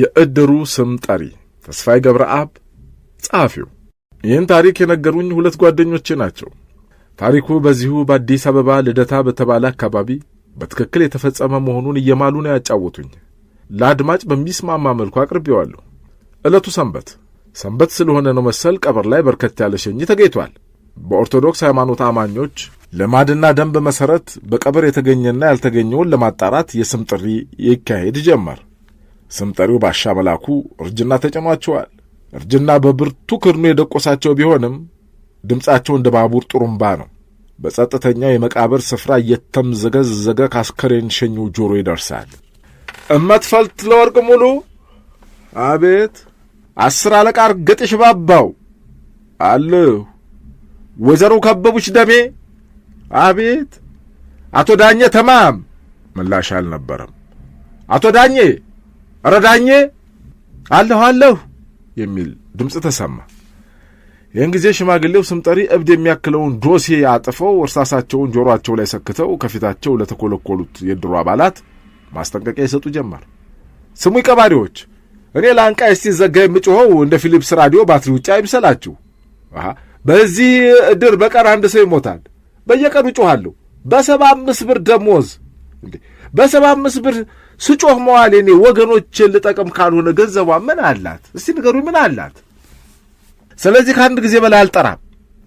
የእድሩ ስም ጠሪ ተስፋዬ ገብረአብ፣ ጸሐፊው። ይህን ታሪክ የነገሩኝ ሁለት ጓደኞቼ ናቸው። ታሪኩ በዚሁ በአዲስ አበባ ልደታ በተባለ አካባቢ በትክክል የተፈጸመ መሆኑን እየማሉ ነው ያጫወቱኝ። ለአድማጭ በሚስማማ መልኩ አቅርቤዋለሁ። ዕለቱ ሰንበት ሰንበት ስለሆነ ነው መሰል ቀብር ላይ በርከት ያለ ሸኝ ተገኝቷል። በኦርቶዶክስ ሃይማኖት አማኞች ልማድና ደንብ መሠረት በቀብር የተገኘና ያልተገኘውን ለማጣራት የስም ጥሪ ይካሄድ ጀመር። ስም ጠሪው ባሻ መላኩ እርጅና ተጭኗቸዋል። እርጅና በብርቱ ክርኑ የደቆሳቸው ቢሆንም ድምፃቸው እንደ ባቡር ጥሩምባ ነው። በጸጥተኛ የመቃብር ስፍራ እየተምዘገዘገ ካስከሬን ሸኙ ጆሮ ይደርሳል። እመትፈልት ለወርቅ ሙሉ አቤት። አስር አለቃ እርግጥሽ ባባው አለሁ። ወይዘሮ ከበቡች ደሜ አቤት። አቶ ዳኘ ተማም ምላሽ አልነበረም። አቶ ዳኘ ረዳኜ አለሁ አለሁ የሚል ድምፅ ተሰማ። ይህን ጊዜ ሽማግሌው ስምጠሪ እብድ የሚያክለውን ዶሴ አጥፈው እርሳሳቸውን ጆሮአቸው ላይ ሰክተው ከፊታቸው ለተኮለኮሉት የድሮ አባላት ማስጠንቀቂያ ይሰጡ ጀመር። ስሙ ቀባሪዎች፣ እኔ ለአንቃ ዘጋ የምጮኸው እንደ ፊሊፕስ ራዲዮ ባትሪ ውጭ አይምሰላችሁ። በዚህ እድር በቀን አንድ ሰው ይሞታል። በየቀኑ እጮኋለሁ። በሰባ አምስት ብር ደሞዝ በሰባ አምስት ብር ስጮህ መዋል እኔ ወገኖችን ልጠቅም ካልሆነ ገንዘቧ ምን አላት? እስቲ ንገሩ፣ ምን አላት? ስለዚህ ከአንድ ጊዜ በላይ አልጠራም።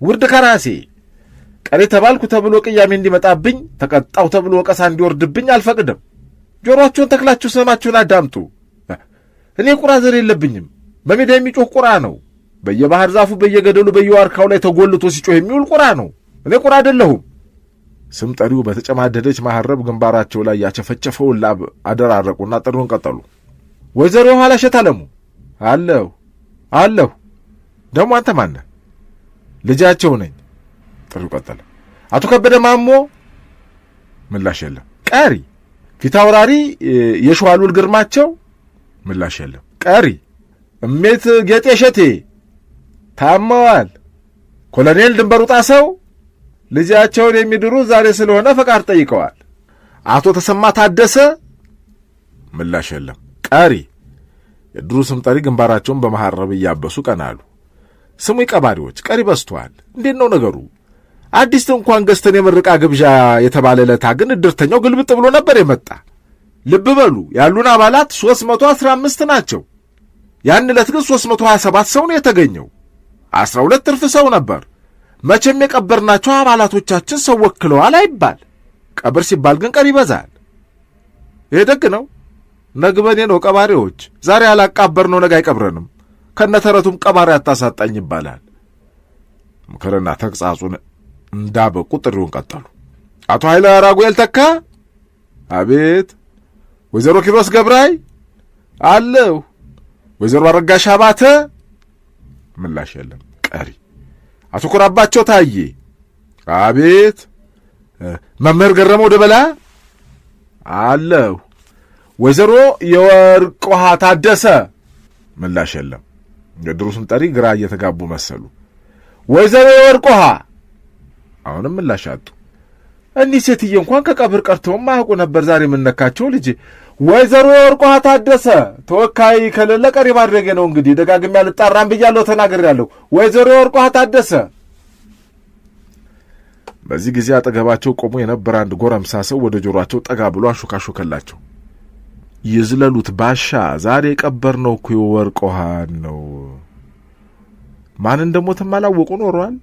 ውርድ ከራሴ ቀሪ ተባልኩ ተብሎ ቅያሜ እንዲመጣብኝ ተቀጣው ተብሎ ወቀሳ እንዲወርድብኝ አልፈቅድም። ጆሮአችሁን ተክላችሁ ስማችሁን አዳምጡ። እኔ ቁራ ዘር የለብኝም። በሜዳ የሚጮህ ቁራ ነው። በየባህር ዛፉ፣ በየገደሉ፣ በየዋርካው ላይ ተጎልቶ ሲጮህ የሚውል ቁራ ነው። እኔ ቁራ አይደለሁም። ስም ጠሪው በተጨማደደች መሀረብ ግንባራቸው ላይ ያቸፈቸፈውን ላብ አደራረቁና ጥሩን ቀጠሉ። ወይዘሮ የኋላ እሸት አለሙ አለሁ አለሁ። ደግሞ አንተ ማነ ልጃቸው ነኝ። ጥሪው ቀጠለ። አቶ ከበደ ማሞ ምላሽ የለም። ቀሪ ፊታውራሪ የሸዋሉል ግርማቸው ምላሽ የለም። ቀሪ እሜት ጌጤ እሸቴ ታመዋል። ኮሎኔል ድንበሩ ጣሰው ልጃቸውን የሚድሩ ዛሬ ስለሆነ ፈቃድ ጠይቀዋል። አቶ ተሰማ ታደሰ ምላሽ የለም። ቀሪ የድሩ ስም ጠሪ ግንባራቸውን በመሐረብ እያበሱ ቀናሉ። አሉ። ስሙ ቀባሪዎች፣ ቀሪ በዝቷል። እንዴት ነው ነገሩ? አዲስ እንኳን ገዝተን የምርቃ ግብዣ የተባለ ለታ ግን እድርተኛው ግልብጥ ብሎ ነበር የመጣ። ልብ በሉ ያሉን አባላት ሦስት መቶ አስራ አምስት ናቸው። ያን ዕለት ግን ሦስት መቶ ሀያ ሰባት ሰው ነው የተገኘው። አስራ ሁለት ትርፍ ሰው ነበር። መቼም የቀበርናቸው አባላቶቻችን ሰው ወክለዋል አይባል። ቀብር ሲባል ግን ቀን ይበዛል። ይሄ ደግ ነው። ነግበኔ ነው ቀባሪዎች። ዛሬ ያላቃበር ነው ነገ አይቀብረንም። ከነተረቱም ቀባሪ አታሳጣኝ ይባላል። ምክርና ተግሳጹን እንዳበቁ ጥሪውን ቀጠሉ። አቶ ኃይለ ራጉኤል ተካ፣ አቤት። ወይዘሮ ኪሮስ ገብራይ አለሁ። ወይዘሮ አረጋሽ አባተ ምላሽ የለም ቀሪ አቶ ኮራባቸው ታዬ፣ አቤት። መምህር ገረመው ደበላ አለሁ። ወይዘሮ የወርቅ ውሃ ታደሰ፣ ምላሽ የለም። ጠሪ ግራ እየተጋቡ መሰሉ። ወይዘሮ የወርቅ ውሃ አሁንም ምላሽ አጡ። እኒህ ሴትዬ እንኳን ከቀብር ቀርተውም ማያውቁ ነበር። ዛሬ የምነካቸው ልጅ ወይዘሮ ወርቋ ታደሰ ተወካይ ከሌለ ቀሪ ማድረጌ ነው። እንግዲህ ደጋግሜ አልጣራም ብያለሁ፣ ተናግሬያለሁ። ወይዘሮ ወርቋ ታደሰ። በዚህ ጊዜ አጠገባቸው ቆሞ የነበረ አንድ ጎረምሳ ሰው ወደ ጆሯቸው ጠጋ ብሎ አሾካሾከላቸው። ይዝለሉት ባሻ፣ ዛሬ የቀበርነው እኮ የወርቅ ነው። ማን እንደሞትም አላወቁ ኖረዋል።